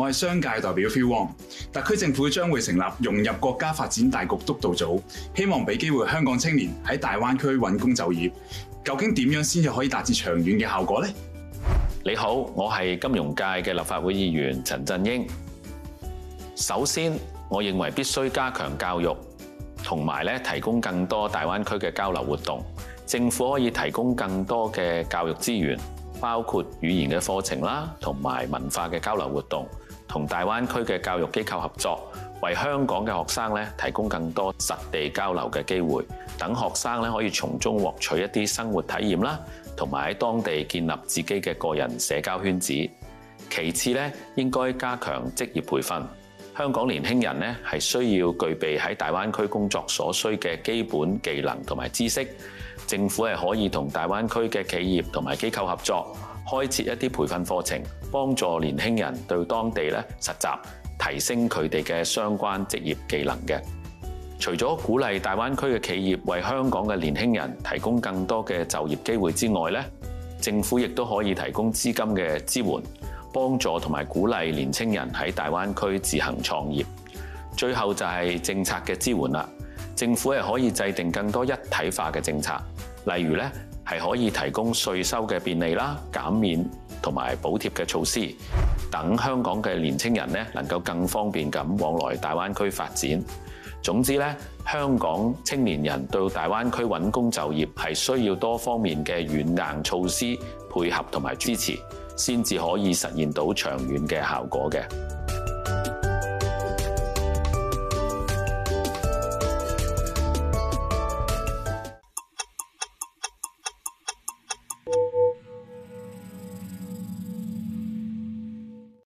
我係商界代表 Phil Wong，特區政府將會成立融入國家發展大局督導組，希望俾機會香港青年喺大灣區揾工就業。究竟點樣先至可以達至長遠嘅效果呢？你好，我係金融界嘅立法會議員陳振英。首先，我認為必須加強教育，同埋咧提供更多大灣區嘅交流活動。政府可以提供更多嘅教育資源，包括語言嘅課程啦，同埋文化嘅交流活動。同大灣區嘅教育機構合作，為香港嘅學生咧提供更多實地交流嘅機會，等學生咧可以從中獲取一啲生活體驗啦，同埋喺當地建立自己嘅個人社交圈子。其次咧，應該加強職業培訓。香港年輕人咧係需要具備喺大灣區工作所需嘅基本技能同埋知識。政府係可以同大灣區嘅企業同埋機構合作。開設一啲培訓課程，幫助年輕人對當地咧實習，提升佢哋嘅相關職業技能嘅。除咗鼓勵大灣區嘅企業為香港嘅年輕人提供更多嘅就業機會之外咧，政府亦都可以提供資金嘅支援，幫助同埋鼓勵年輕人喺大灣區自行創業。最後就係政策嘅支援啦，政府係可以制定更多一體化嘅政策，例如咧，係可以提供稅收嘅便利啦、減免同埋補貼嘅措施，等香港嘅年青人咧能夠更方便咁往來大灣區發展。總之咧，香港青年人到大灣區揾工就業，係需要多方面嘅軟硬措施配合同埋支持，先至可以實現到長遠嘅效果嘅。